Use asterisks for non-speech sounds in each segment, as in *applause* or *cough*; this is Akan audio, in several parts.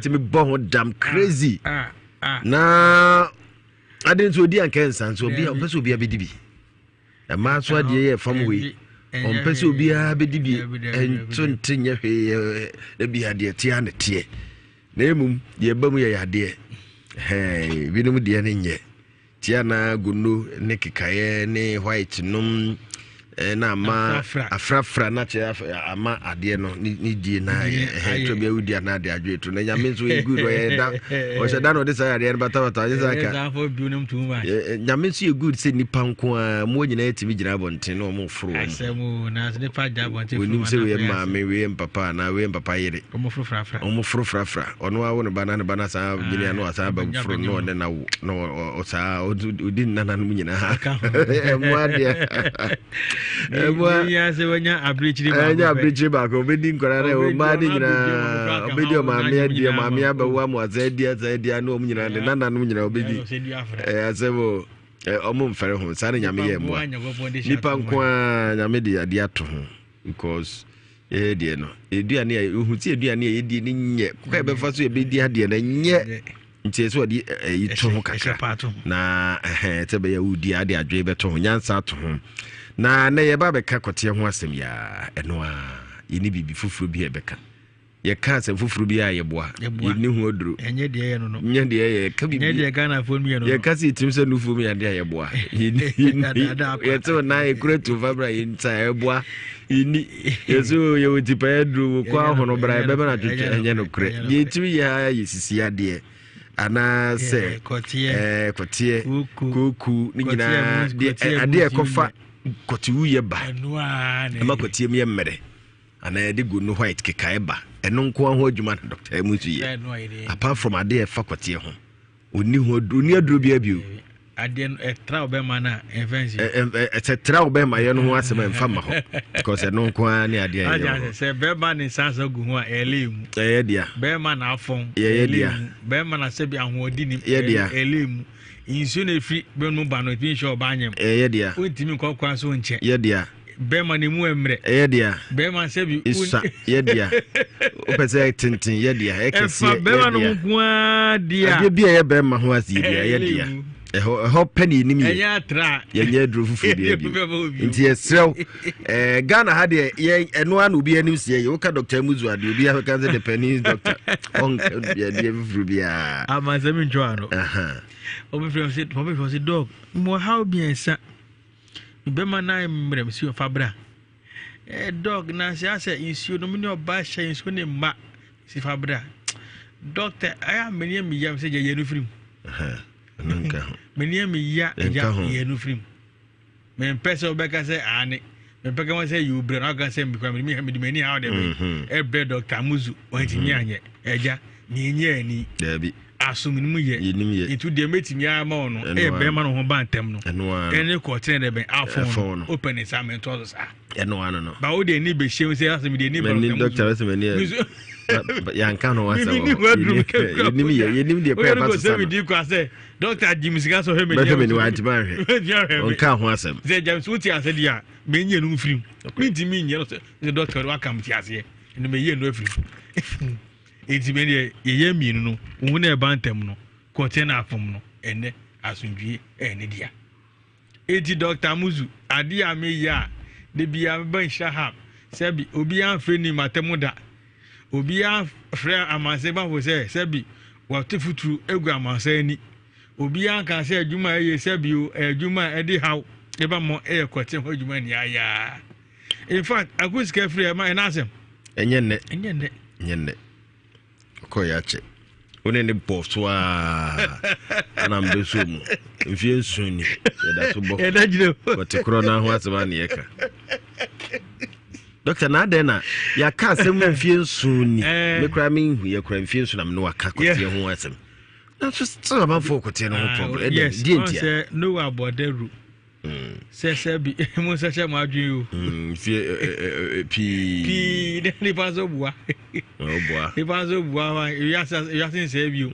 timi bɔ ho dam ah, crazy ah, ah. na ade nso odi anka nsa nso obi a ɔpɛ sɛ obi abɛdi bi ɛmaa nso adeɛ yɛ fam wei ɔmpɛ sɛ obiara bɛdi bi ɛnto nte nyɛ hwee na bi adeɛ tea ne teɛ na mmom deɛ ba mu yɛyɛ adeɛ binom deɛ ne nyɛ tea na gono ne kekaeɛ ne white nom Eh, na ama afrafra na kyerɛ ama adeɛ no ne die na ɛtɔ bia wodi ana ade adwo to na nyame nso yɛ good ɔyɛ da ɔhyɛ *laughs* eh, eh, da na ɔde saa adeɛ no batabata ɔyɛ saa ka nyame nso yɛ good sɛ nnipa nko a mmoa nyinaa tumi gyina abɔnten na ɔmo foro ɔnim sɛ weyɛ maame weyɛ mpapa anaa weyɛ mpapa yere ɔmo foro frafra ɔno awo ne ba na ne ba na saa gyina ah, no asaa ba foro na ɔde na wo na ɔsaa ɔdi nananom nyinaa *laughs* ɛmo adeɛ *laughs* ɛnya abirikyiri baako ɔmaa ne nyinaa ɔbɛdi ɔmaame adi ɔmaame adi asɛ adi ano nyinaa ne nyinaa ɔbɛdi asɛm mfɛre ho saa ne nyame yɛ mmoa nipa nko a nyame de adeɛ ato ho because ɛyɛ eh, deɛ no aduane a ɛhu sɛ aduane a yɛdi ne nyɛ koka yɛbɛfa so yɛbɛdi adeɛ no nyɛ nti ɛsɛ wɔde ɛyi to na bɛyɛ nyansa ho na na yɛba bɛka kɔteɛ ho asɛm yaa ɛno a yɛne biribi foforɔ bi a ɛbɛka yɛka asɛm foforɔ bi a yɛboa yɛni ho aduro nyɛ deɛ yɛka bibiyɛka sɛ yɛtumi sɛ nofuo mu yɛade a yɛboa *laughs* *laughs* yɛtew na yɛkura tofa berɛ a yɛnsa ɛboa yɛni yɛso yɛwɔ tipaeɛ aduro wɔkɔ ahono bra yɛbɛma no atwetwe ɛnyɛ nokorɛ yɛtumi yɛ yɛsisi adeɛ anaasɛ kɔteɛ kooku ne nyinaa adeɛ ɛkɔfa kɔtiwu yɛ ba ɛma kɔtiam yɛ mmerɛ anaa yɛde go no white kekaeɛ ba ɛno nko ho adwuma na dɔkta mu so yɛ apart from adeɛ ɛfa kɔteɛ ho ɔni ho ɔni aduro bia bio sɛ e tra wo bɛma yɛ no ho asɛm ɛmfa ma hɔ *laughs* because ɛno nko a ne adeɛ yɛsɛ bɛrima ne nsansa gu ho a ɛlɛ e e, na afɔn yɛyɛ na sɛbi ahoɔdi ne ɛlɛ nsuo na efiri bɛn mu ba no ebi nhyɛ ɔbaa nyɛm. ɛyɛ dea. o ntumi nkɔ kwan so nkyɛn. yɛ dea. bɛrima ne mu ɛmrɛ. ɛyɛ dea. bɛrima sɛbi. isa yɛ dea. o pɛ sɛ tenten yɛ dea. ɛkɛseɛ yɛ dea. ɛfa bɛrima no mu nkumaa dea. adeɛ bi a ɛyɛ bɛrima ho ase yɛ dea yɛ dea ɛhɔ pɛ ne yɛnim yɛnyɛ aduro foforɔ bi abi *laughs* nti yɛserɛw *laughs* ghana ha deɛ ɛno a na obi anim sɛ yɛ woka dɔctor mu zua deɛ obi ahwɛka sɛ de panin dɔctor ɔnka adeɛ foforɔ biaa ama sɛ mentwa ano ɔbɛfrɛ sɛ dɔg mmɔhaw biɛnsa bɛma na mmerɛm si ɔfa bra dɔg na asɛ nsuo no mu ne ɔba hyɛ nsuo ne mma si fa bra dɔctor ɛyɛ ameniɛ meyam sɛ gyɛyɛ no *laughs* menia meya agya yɛ no firim mempɛ sɛ wobɛka sɛ ane mepɛ ka sɛ yɛ wobrɛ na woka sɛ mede m'ani ha wode mhm. ɛbrɛ dɔctor muzu ɔntimi mhm. anyɛ agya meɛnyɛ ani daabi asomni mu yɛ nti deɛ mɛtumi ara ma wo no ɛyɛ bɛrima no ho ba ntɛm no ɛne kɔtene dɛ bɛn afɔ no wopɛ ne sa mentɔ so saa ba wode ani bɛhyɛm sɛ sɛ mani *laughs* yɛnka *laughs* *laughs* no wasɛyɛnim deɛ pɛɛsɛ dɔctor gyim sika sɛ hɛmɛmɛne wantimi ahwɛ ɔnka ho asɛm sɛ gyams wote asɛ deɛ a mɛnyɛ no mfirim mentimi nyɛ no sɛ dɔctor de waka mte aseɛ ɛno mɛyɛ no afirim ɛnti mɛdeɛ yɛyɛ mmienu no wo no ɛba ntam no kɔtɛ no afom no ɛnɛ asomdwie ɛne dea ɛnti dɔctor musu adeɛ a meyɛ a de bia mɛba nhyira ha sɛbi obiaa mfrɛ ni matɛmu da obiara frɛ amansa bafo sɛ sɛbi wate futuro egu amansa ani obiara ka sɛ adwuma ɛyɛ sɛbi o adwuma ɛde haw ɛba mo ɛyɛ kɔte hɔ adwuma ni ayaa in fact ako sika firi ɛma ɛna asɛm. ɛnyɛ nnɛ ɛnyɛ nnɛ ɛnyɛ nnɛ ɔkɔ yɛ akyɛ wone ne bɔ so a ana *laughs* mbɛ so mu mfie nsu ni yɛda so bɔ wɔte korɔ no ho asɛm a ne yɛka *laughs* dɔkta na adɛn na yɛaka asɛm *laughs* mfie nso ni eh. me koraa menhu yɛkora mfie nso na mene waka kɔteɛ ho asɛm nanso sɛ amanfoɔ kɔteɛ no ho ah, problem oh, ɛdeɛ ntia noa abɔdaru hmm. sɛ sɛ bi *laughs* adwene o hmm, eh, eh, pii nipa nso bua *laughs* nipa nso bua wa wiase nsɛe bio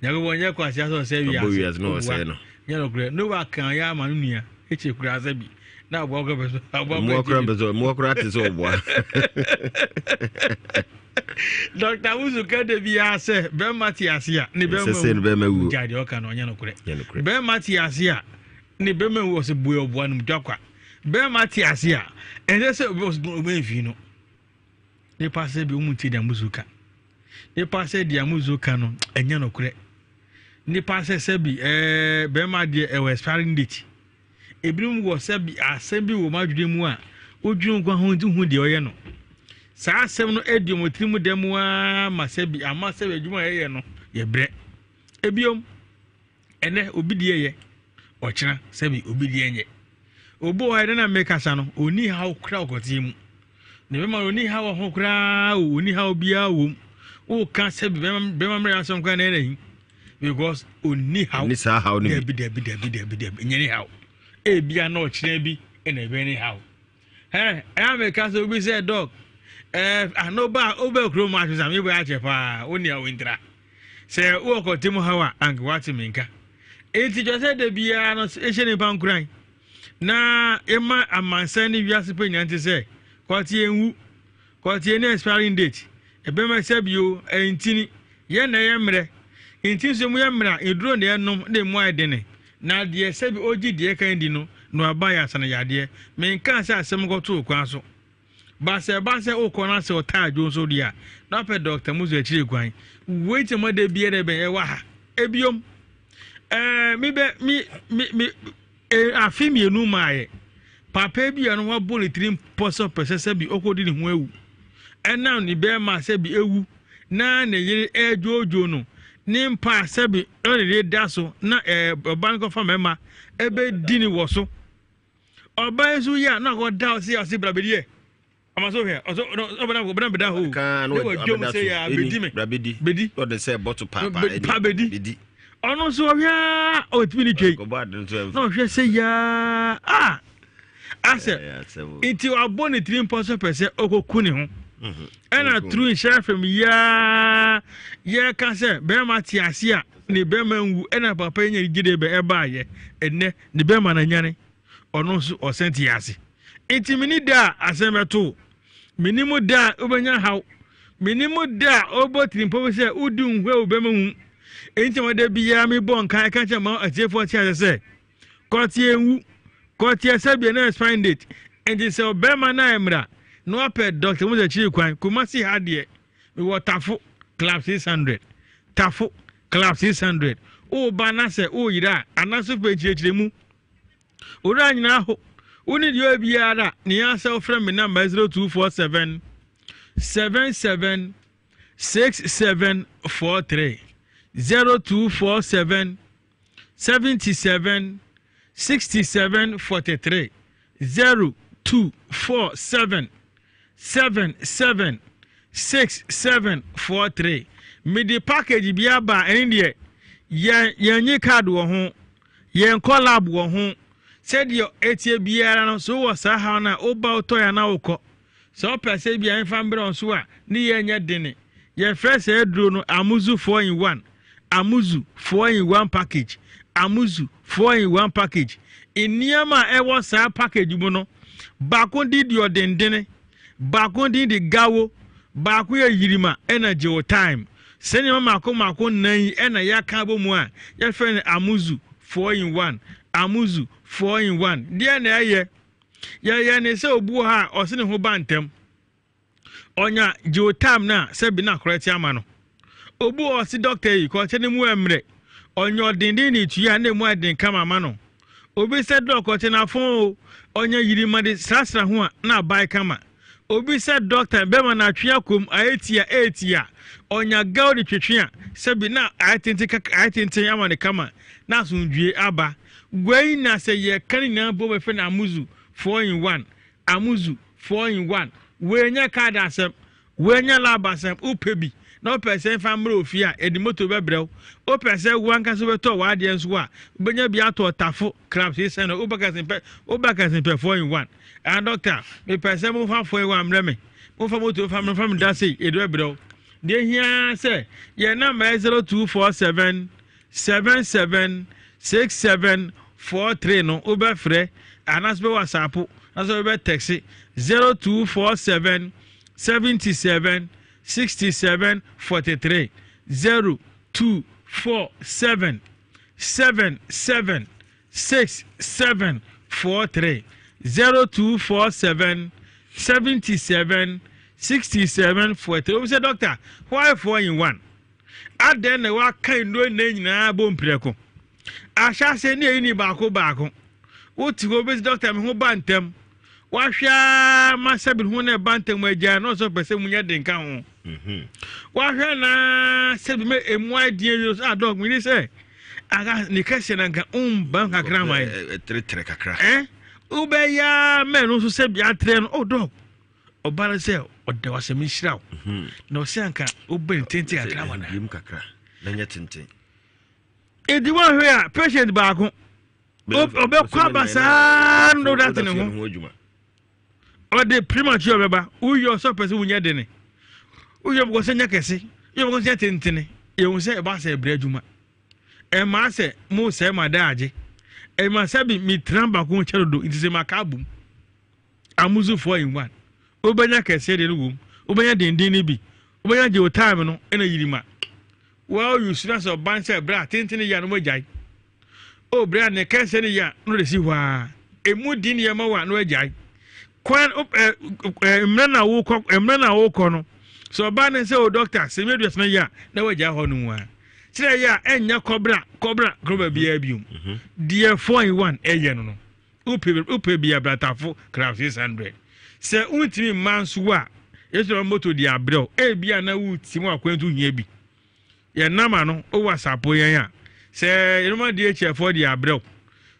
nyakobɔ nyɛ kɔ aseɛ sɛ ɔsɛ wiase ɔbua nyɛ nokorɛ noa kan yɛ ama no nua ɛkyɛ kura sɛ bi na aboa kora bɛsɛ aboa kora bɛsɛ mmoa kora te sɛ ɔboa dɔkta wusu kɛde biara sɛ bɛrima te ase a ne bɛrima wu gyaade ɔka no ɔnyɛ nokorɛ bɛrima te ase a ne bɛrima wu ɔsɛ bue ɔboa no mu dwakwa bɛrima te ase a ɛnyɛ sɛ ɔbɛn fi no nipa sɛ bi ɔmu ti deɛ musu ka nipa sɛ deɛ musu ka no ɛnyɛ nokorɛ nipa sɛ sɛ bi ɛɛ eh, bɛrima deɛ ɛwɔ eh, expiring date ebinom wɔ sɛ asɛm bi wɔ mu adwene a o nkwa ho hu deɛ ɔyɛ no saa asɛm no adi ɔmo tiri mu dɛm ara ma sɛ bi ama sɛ bi adwuma yɛyɛ no yɛbrɛ ebiom ɛnɛ obi deɛ yɛ ɔkyena sɛ bi obi deɛ nyɛ obi wɔ na mmekasa no oni ha kura mu bɛma ha wɔ koraa oni ha wɔ mu sɛ bi bɛma asɛm na yi because ha ebia na ɔkyerɛ bi ɛna ɛbɛ ni haw ɛn ɛyà mi ka obi sɛ dọg ɛɛ anoba obe kuro mu atwesa mi bɔ akyɛ paa oni a wɔntira sɛ wɔkɔ temu haw a anka wate mi nka eti kyerɛ sɛ debia no ehyɛ nipa nkuran na ema amansan ne ntị pe nyante sɛ kɔtie nwu kɔtie ne expiring date ebe ɛbɛma sɛ bio ɛntini ya na yɛ mmerɛ nti nso mu ya mmerɛ a eduro na yɛnom na emu ayɛ dene. na deɛ sɛbi ogye deɛ kan di no na ɔba yɛ asane yadeɛ menka sɛ asɛm kɔto okwan so baasa ɛba sɛ okɔ no asɛ ɔtaa adwo nso deɛ a na apɛ dɔkta musu akyire kwan wei kyɛ mɔda biara bɛn ɛwɔ ha ebiom ɛɛ e, afe mmienu maayɛ papa bi a no wabɔ ne tiri mpɔ sɛ ɔpɛ sɛ sɛbi ɔkɔdi ne ho ewu ɛnam ne bɛrima sɛbi ewu na ne yere no. ne mpa sɛbi ɛna ne da so na ɛɛ ɔba no kɔfa mɛma ɛbɛdi ne wɔ so ɔba yi nso yɛ a na kɔ da ɔsi ɔsi brabedi yɛ ɔma so hɛ ɔso ɔbɛn ɔbɛn bɛda hoo ne wɔ dwom sɛ yɛ a bedi mi brabedi bedi ɔde sɛ bɔtɔ paapa pa bedi ɔno nso ɔhwɛ a ɔtumi ne twɛ na ɔhwɛ sɛ yɛ a asɛ nti wabɔ ne tiri mpɔ pɛ sɛ ɔkɔ ku ne ho. ɛna turu nhyɛ fam yaa yɛka sɛ bɛrima te ase a ne bɛrima nwu ɛna papa yi nyɛ gyede bɛ ɛbaayɛ ɛnɛ ne bɛrima na nyane ɔno nso ɔsɛn te ase nti mini da a asɛn bɛto mini mu da a wobɛnya haw mini mu da a ɔbɔ tirimpo bi sɛ wodi nhwɛ wo bɛrima nwu nti de biara mi bɔ nkan ɛka kyɛ ma atiefoɔ te ase sɛ kɔteɛ nwu kɔteɛ sɛbiɛ na expanded nti sɛ ɔbɛrima na ɛmra. na wapɛ doctor mo kyerɛ kwan kumasi ha deɛ mewɔ tafo club 600 tafo club 600 woba na sɛ woyera a anaso pɛ nkyerɛkyerɛ mu owura nyinaa ho wone deɛ obiara da ne yɛ asɛ wofrɛ me namba seven forty three, zero two four seven. seven seven six seven four three mede package bi aba ɛne deɛ yɛn yɛnyi card wɔ ho yɛn kɔ lab wɔ ho sɛdeɛ etie biara no so wɔ saa ha no a woba wotɔ yɛn na wokɔ sɛ ɔpɛ sɛ bi a yɛmfa mbrɛ nso a ne yɛnyɛ dene yɛfrɛ sɛ aduro no amuzu four in one amuzu four in one package amuzu four in one package nneɛma a ɛwɔ saa package mu no baako di deɛ ɔdendene. baako din de gawo baako yɛ yirima ɛna gyewo time sɛ nneɛma mako mako nan yi ɛna yɛaka bɔ mu a yɛfrɛ no amuzu 4 in 1 amuzu 4 in 1 deɛ na ɛyɛ yɛyɛ ne sɛ obu ha a ɔse ne ho ba ntɛm ɔnya gyewo time no a sɛ bi no akorɛ te ama no obu a ɔse dɔkta yi kɔkyɛ ne mu ɛmmerɛ ɔnyɛ ɔdenden ne tui a ne mu ɛden kama ma no obi sɛ dɔkɔte n'afɔn o ɔnya yirima de srasra ho a na abae kama obi sɛ dɔkta bɛrima na atwe akɔm aetia etia ɔnya gaw de twetwe a sɛbi na ayɛtenten ayɛtenten ama ne kama na asomdwie aba wei na sɛ yɛka ne nyinaa bɔ bɛfɛ no amuzu four in one amuzu four in one wei nyɛ kaada asɛm wei nyɛ lab asɛm wopɛ bi na ɔpɛ sɛ mfa mmerɛ ofie a ɛde moto bɛbrɛw wopɛ sɛ wo ankasa wobɛtɔ w'adeɛ nso a wobɛnya bi atɔ tafo crab sei sɛ no wobaka sempɛ foɔ in one ɛa ah, dɔkta mepɛ sɛ momfa foɔ wɔ ammerɛ me momfa moto mfa me da sei ɛde bɛbrɛw deɛ hiaa sɛ yɛ namba ɛ 0247 77 67 43 no wobɛfrɛ anaasɛ bɛwɔ asapo anaasɛ wobɛtɛkse 0247 77 67 43 0 2 4 7 7 7 6 7 4 3 0 2 4 7 77 67 43 obi sɛ dɔkta why 4 in 1 adɛn na waka nnuro nna nyinaa bɔ mpirɛko ahyɛ asɛ ne ɛyi ne baako baako wote hɔ wobɛsi dɔkta me ho ba ntɛm wahwɛ a ma sɛbene ho na ɛba ntɛm agyaa na ɔsɛ pɛ sɛ munyɛ denka ho wahwɛ naa na mɛ emu adiɛ yi so adɔg mi aga na nka ɔmba kakra ma kakra ɛn wobɛya mɛnu nso sɛbi atrɛ no oh ɔba no sɛ ɔda wasɛm nhyira wo na ɔsɛ anka wobɛ kakra ɛdi a patient baako ɔbɛkɔ aba saa ne ho ɔde woyɛ ɔsɛ sɛ de ne woyɛ bɔkɔ sɛ nyɛ kɛse woyɛ bɔkɔ sɛ nyɛ tentene yɛhu sɛ ɛba sɛ ɛbrɛ adwuma ɛmaa sɛ mo sɛ ma da agye ɛma sɛ bi metena baako kyɛ dodo nti sɛ maka abom amusu foɔ in one wobɛnya kɛseɛ deɛ no wom wobɛnya denden no bi wobɛnya gye wo time no ɛna yiri ma wɔa yusuna sɛ ɔban sɛ ɛbrɛ a tentene yɛ a no moagyae o brɛ a ne kɛseɛ no yɛ a no de si hɔ a ɛmu di nneɛma wɔ a no kwan mmerɛ na wokɔ no sɛ ɔbaa ne sɛ o oh, dɔkta sɛ mi aduasa yi a na wagya hɔ no mu a kyerɛ yi a ɛnyɛ kɔbra kɔbra kɔbra biara biom mhm. deɛ four in one ɛyɛ no no wopɛ wopɛ bi abratafo kra six hundred sɛ wuntumi mma nso a yesu ɔmo moto di abrɛw ebi a na wuti mu akwantu nyɛ bi yɛn nam ano owó asapo yɛn a sɛ yɛnuma di ekyɛfo di abrɛw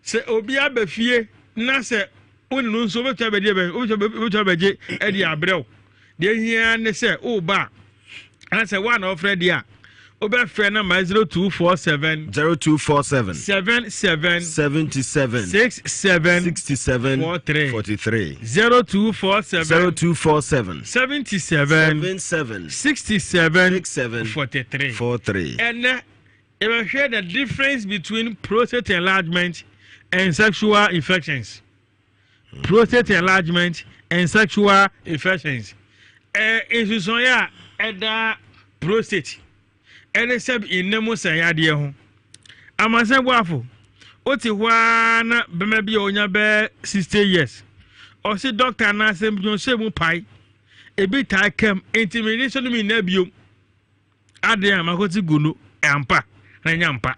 sɛ obi aba fie na sɛ woninu nso obetɔ abɛgye ɛdi abrɛw deɛ hia ne sɛ woba a ɛna sɛ woa na wɔfrɛ deɛ a wobɛfrɛ no ma 0247 0247 77 77 67 67 43 43 0247 0247 77 77 67 67 43 43 ɛnɛ yɛbɛhwɛ the difference between prostate enlargement and sexual infections prostate enlargement and sexual infections nsusɔnye a ɛda prostate ɛne sɛ nnam sɛnyadeɛ ho amasɛn buafo wote hɔ ara na bɛma bi a onya bɛɛ sixty years ɔsi dɔkta anaasɛ mpanyinso mu pae ebi taa kɛm ntimidi nso nom nyinaa biom adeɛ a mako gu no ɛmpa na nya mpa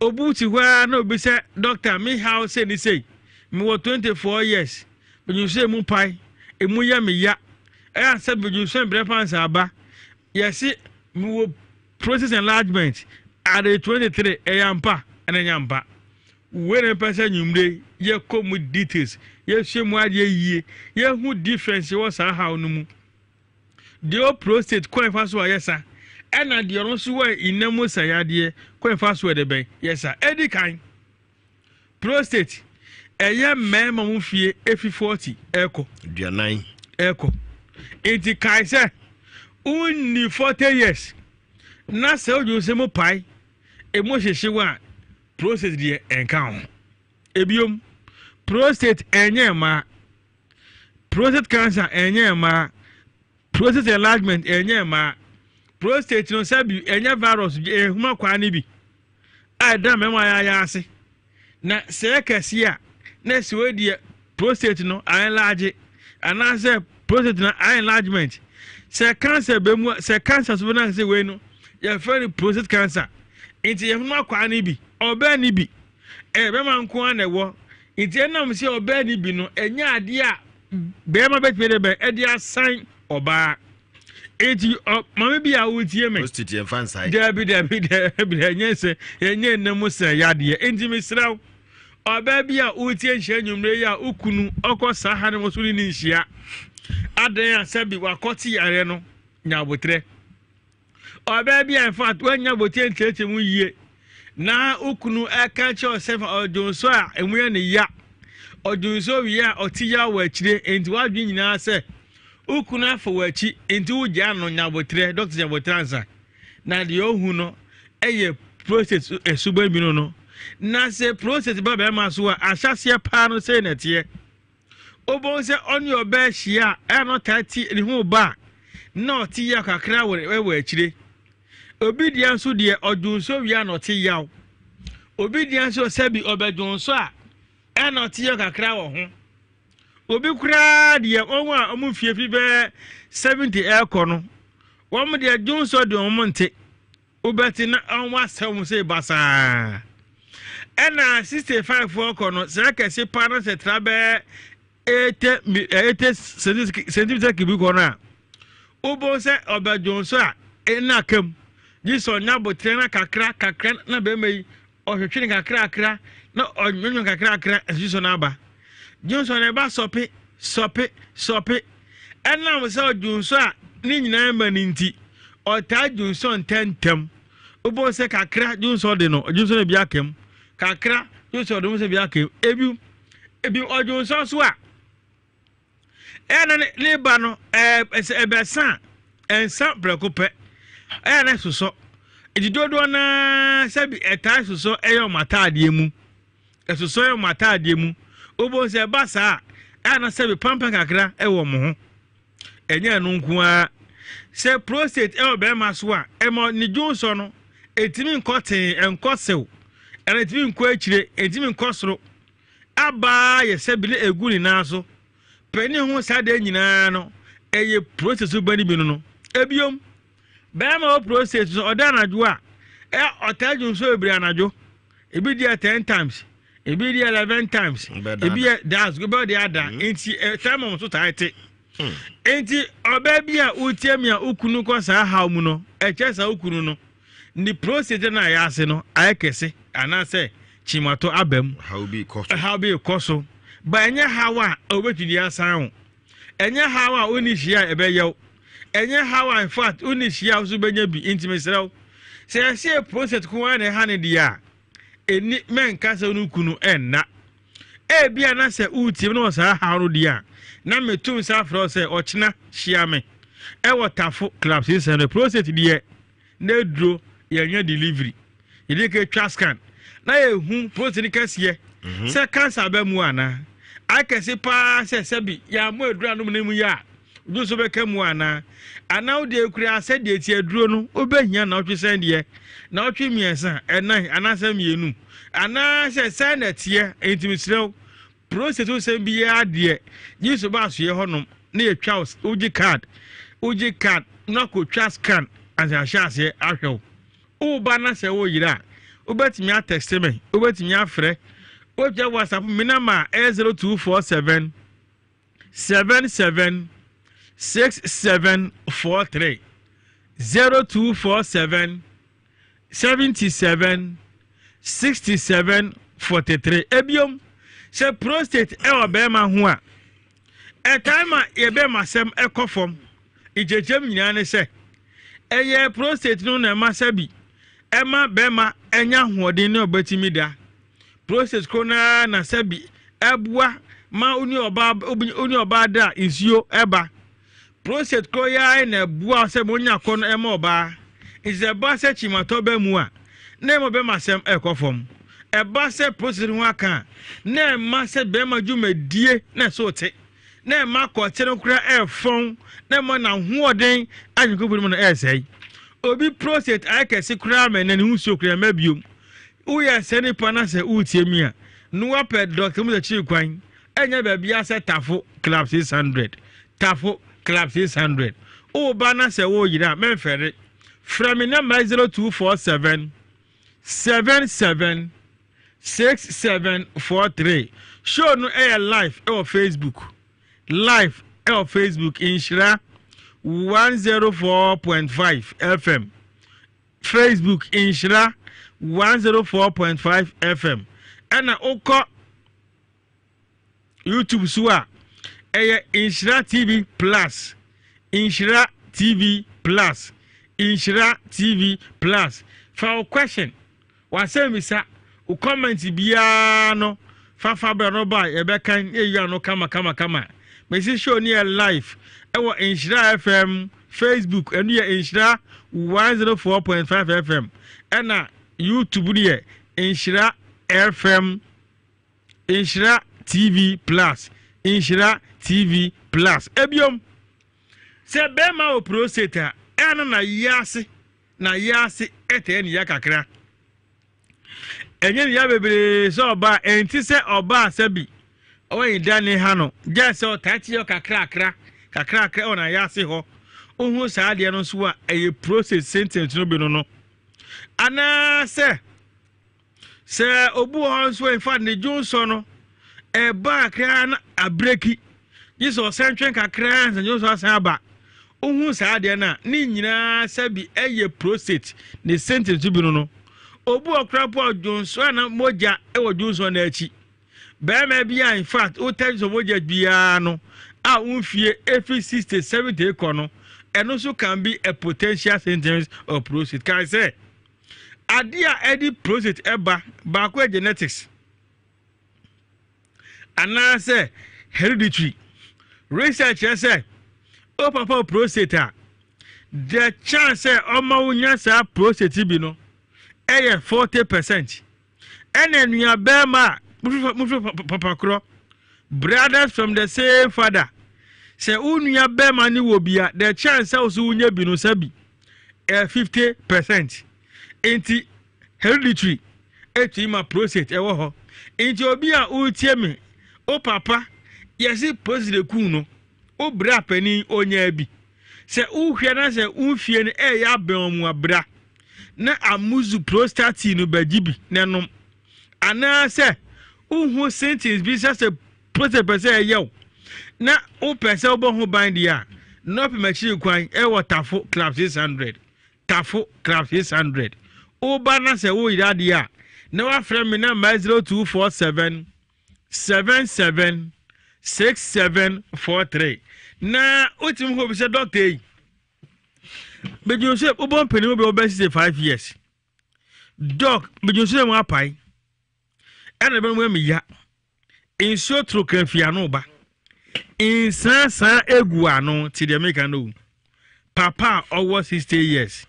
obu ti hɔ ara na obi sɛ dɔkta mi ha ɔsɛ ni sɛ mi wɔ twenty four years mpanyinso mu pae emu yɛ mi ya ɛyɛ sɛ bidwusen brepanse aba yɛsi wɔ process enlargement ade twenty three ɛyɛ mpa ɛna ɛnyɛ mpa wei na mpɛ sɛ nwumire yɛkɔ mu details yɛhwɛ mu adeɛ yie yɛhu difference wɔ saa haw no mu deɛ o prostate kɔn fa so a yɛsa ɛna deɛ ɔno nso wɔ nnam sa yadeɛ kɔn fa so a yɛde bɛn yɛsa ɛdi kan prostate ɛyɛ mmarima mu fie efi forty ɛkɔ. aduanan ɛkɔ. nti kae sɛ wonni forty years na sɛ wodwe sɛ mu pae ɛmu a prostate deɛ ɛnka ho ebiom prostate ɛnyɛ mmaa prostate cancer ɛnyɛ mmaa prostate enlargement ɛnyɛ mmaa prostate no sɛbi ɛnyɛ virus ɛhuma kwaa no bi a ɛda mmarima yɛayɛ ase na sɛɛ kɛseɛ a na sɛ wɔdeɛ prostate no ayɛ laagye anaasɛ prostate na eye enlargement sɛ cancer bɛ mu sɛ cancer so bɛ na sɛ wei no yɛfrɛ no prostate cancer nti yɛn ho akwaa ne bi ɔbɛn ne bi ɛɛ bɛma nko ara na ɛwɔ nti ɛnam sɛ ɔbɛn ne bi no ɛnyɛ adeɛ a bɛrima bɛtumi de bɛn ɛde asan ɔbaa eti ɔ maame bi a wotie mi prostate yɛn fa nsa yi dabi dabi dabi ɛnyɛ sɛ ɛnyɛ nnamu sɛ yadeɛ nti mi sraw ɔbaa bi a wotie nhyɛn nnwomire yi a okunu ɔkɔ saa ha ne wɔso ne ne nhyia. adan a sɛbi wakɔte yare no nya abotire ɔbaa bi a infact wanya abotire ntiatia mu yie na okunu ɛka kyerɛ ɔsɛm ɔdunso a emu yɛ ne ya ɔdunso wie a ɔte ya wɔ akyire nti wadwi nyinaa sɛ okunu afa wɔ akyi nti wogya ano nya abotire dɔkta nya abotire ansa na deɛ ohu no ɛyɛ prostate esuban bi no na sɛ prostate ba bɛrima so a paa no sɛ nɛteɛ. wobɛhu sɛ ɔne ɔbɛ ahyia a ɛyɛ e taa ti ne ho ba na ɔte yaw kakra wɔ akyire obi deɛ nso deɛ ɔdwo nso a na ɔte yaw obi deɛ nso sɛbi ɔbɛdwo a na ɔte yaw kakra wɔ ho obi koraa deɛ wɔn a wɔn fie fi bɛɛ seventy ɛɛkɔ e no wɔn deɛ deɛ wɔn nte na wɔn asɛm sɛ basaa ɛna e sixty five no sɛ kɛse paa sɛ tra bɛɛ. mi ɛyɛtɛ centimetre cube kɔ no a wobɔ sɛ ɔbɛdwo nso a ɛna kam gye sɛ ɔnya abotire kakra kakra na bɛrima yi kakra kakrakra na ɔnwonwo kakrakra ɛsogye sɛ no aba gye nso no ɛba sɔpe sɔpe sɔpe ɛnam sɛ ɔdwo nso a ne nyinaa ma no nti ɔtaa dwo nso ntɛntɛm wobɔ sɛ kakra dwo nso de no dwo nso no bi akam kakra dwo nso de mo sɛ bi akam ebi ebi ɔdwo so a ɛna ne leba no ɛɛ ɛbɛsa nsa prɛko pɛ ɛyɛ ne sosɔ edi dodoɔ naa sɛbi ɛtaa sosɔ ɛyɛ ɔmo ataadeɛ mu ɛsosɔ ɛyɛ ɔmo ataadeɛ mu obo nsɛ ɛba saa ɛna bi pampa kakra ɛwɔ ɔmo ho ɛnyɛ ɛno nko ara sɛ prostate ɛwɔ bɛrima so a ɛma ne dwonsɔ no etimi nkɔ tee ɛnkɔ sew ɛna etimi nkɔ akyire etimi nkɔ soro abaa yɛ sɛbi ne egu nyinaa so. panin ho saa deɛ nyinaa no ɛyɛ process ba bi no no ebiom bɛrima wɔ process no ɔda anadwo a ɛ ɔtaa dwo nso bebree anadwo ebi deɛ ten times ebi deɛ eleven times ebi yɛ das ebi deɛ ada mm-hmm. nti ɛ time ɔmo ɛte nti ɔbaa bi a wotie mi a okunu kɔ saa haw mu no ɛkyɛ saa okunu no ne process no a yɛ ase no ayɛ kɛse anaasɛ kyimato aba kɔ so. ba ɛnyɛ haw a ɔbɛtumi asan ho ɛnyɛ hawa a wonni hyia a ɛbɛyɛw ɛnyɛ haw a infact wonni hyia a nso bɛnya bi ntumi serɛw sɛ yɛsɛ process ko ara na ɛha ne deɛ a ɛni mɛnka sɛ no kunu ɛnna ebi a na sɛ wotie na wɔ saa haw no deɛ a na metum sa frɛ sɛ ɔkyena hyia me ɛwɔ tafo club sesɛ no process deɛ na ɛduro yɛnyɛ delivery yɛde kɛtwa scan na yɛhu process no kɛseɛ sɛ mhm. cancer bɛ mu anaa akɛse paa sɛ sɛbi yɛamɔ aduro anom no mu yɛ a obi nso bɛka mu anaa anaa wode akura sɛdeɛ ti aduro no wobɛhia na wotwe sɛn deɛ na wotwe mmiɛnsa ɛnan anaasɛ mmienu anaa sɛ sɛn na teɛ ɛntimi serɛw prostate wosɛm biara deɛ gye so ba asoɛ hɔnom na yɛtwa wogye card wogye card na kɔtwa scan ahyɛ aseɛ ahwɛw woba na sɛ woyere a wobɛtumi atɛkste wobɛtumi afrɛ wogya whatsapp me nama ɛyɛ 0247 77 6743 0247 77 6743 ebiom sɛ prostate ɛwɔ bɛrima ho a ɛtaim a yɛbɛrima asɛm ɛkɔ fam nkyekyɛm nyinaa ne sɛ ɛyɛ prostate no na ɛma sɛ bi ɛma bɛrima ɛnya ahoɔden ne ɔbɛtumi da process koro naa na sɛbi ɛboa ma oni ɔbaa oni ɔbaa da nsuo ɛba process koro ya na ɛboa sɛ mo nya kɔ no ɛma ɔbaa nsɛ ɛba sɛ kyimatɔ bɛ mu a na ɛma bɛma asɛm ɛkɔ fam ɛba sɛ process ho aka na ɛma sɛ bɛrima dwumadie na ɛso te na ɛma kɔɔte no kora ɛɛfɔn na ɛma na anyinko bu no mu na ɛɛsɛe obi process ayɛ kɛse koraa mɛ na ne ho nsuo kora mɛ biom woyɛ sɛ nipa no sɛ woretie mi a na woapɛ dɔkta mu sɛkyiri kwan ɛnyɛ baabia sɛ tafo club 600 tafo club 600 wowoba no sɛ woyere a memfɛre frɛ me nɛmma 0247 77 6743 show no ɛyɛ live ɛwɔ facebook live ɛwɔ facebook nhyira 104.5 fm facebook nhyira 104.5 104.5 fm ɛna wokɔ youtube so a ɛyɛ nhyira tv plus nhyira tv plus nhyira tv plus fa wo question wasɛm bisa wo comment biara no Fa fa brɛ no ba yɛbɛkan kama kama. kamakamakama mesi show ni yɛ live ɛwɔ nhyira fm facebook ɛno yɛ nhyira five fm ɛna youtube no yɛ nhyira fm nhyira tv plus nhyira tv plus ebiom sɛ bɛrima wɔ prostate a ɛno na yaase na yaase ɛtɛɛ ne ya kakra ɛnyɛ ne ya bebree sɛ ɔbaa ɛnti sɛ ɔbaa sɛbi ɔwɔ yɛn da ne ha no gya sɛ ɔtaa kye yɛ kakrakra kakrakra ɔna yaase hɔ ohun saa adeɛ no nso a ɛyɛ prostate sentence no bi no no. anaasɛ sɛ hɔ nso ne na abreki gye sɛ ɔsɛntwe kakraa asan aba ohu saa adeɛ no a ne nyinaa ɛyɛ prostate ne sentence bi no no obi ɔkora po a dwonso ana mogya wɔ dwonso no bɛrima bi a infact wotɛ so mogya biara no a womfie ɛfiri 60 kɔ adeɛ a ɛde prostate ɛba baako yɛ genetics anaasɛ hereditary research yɛ sɛ o papa o prostate a the chance sɛ ɔma wo nya saa prostate bi no ɛyɛ forty percent ɛna nua bɛrima a mufi papa korɔ brothers from the same father sɛ wo nua bɛrima ne wɔ bi the chance sɛ o so wonya bi no sɛ bi ɛyɛ fifty percent nti hereditary etu ma prostate ɛwɔ hɔ nti obi a ɔretie mi o papa yɛsi prostate kun no o bra panin onyaa bi sɛ wohwɛ na sɛ wofie no ɛyɛ abɛn mu abra na amuzu prostate no bagyi bi n'anom anaasɛ wohu sentence bi sɛ sɛ prostate pɛ sɛ ɛyɛ na wopɛ sɛ wobɛho ban deɛ a na ɔpem akyiri kwan ɛwɔ tafo club 600 tafo six hundred woba na sɛ woyera adeɛ a na wafrɛ me na mmaa 0247 77 6743 na wotumi hɔ bi sɛ dɔkta yi bɛdwunu sɛ wobɔ mpanin bi wɔbɛsise 5 years dɔk bɛdwunu sɛ mu apae ɛna bɛn mu amiya nsuo toro kanfiano ba nsansan egu ano ti deɛ meka no papa a ɔwɔ 60 years